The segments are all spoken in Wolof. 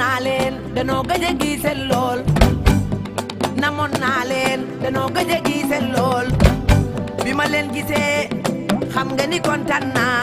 naa leen danoo gëj a gise lool namoon naa leen danoo gëj a lool bi ma leen gisee xam nga ni kontaan naa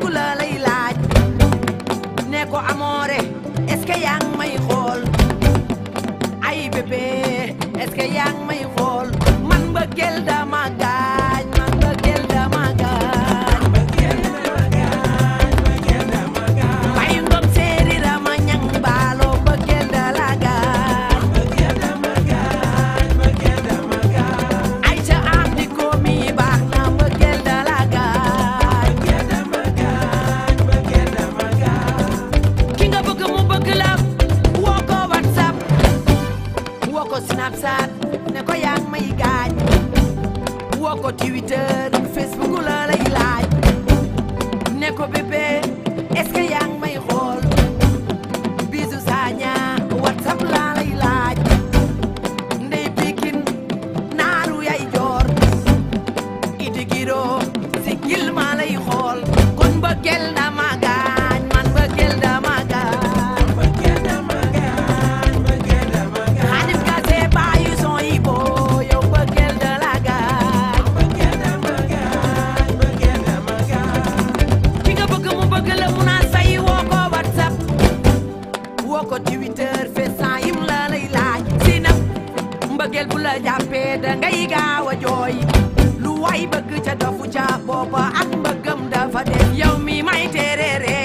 ko la amoore est-ce que may xool ay bébé est-ce que may xool man mbëggeel da ko Twitter Facebook la lay laaj ne ko bébé est-ce que ko Twitter fesan yim la lay laaj si nag mbëggeel bu la jàppee da ngay gaaw a jooy lu way bëgg ca dofu ca boppa ak mbëggam dafa dem yow mi may tereere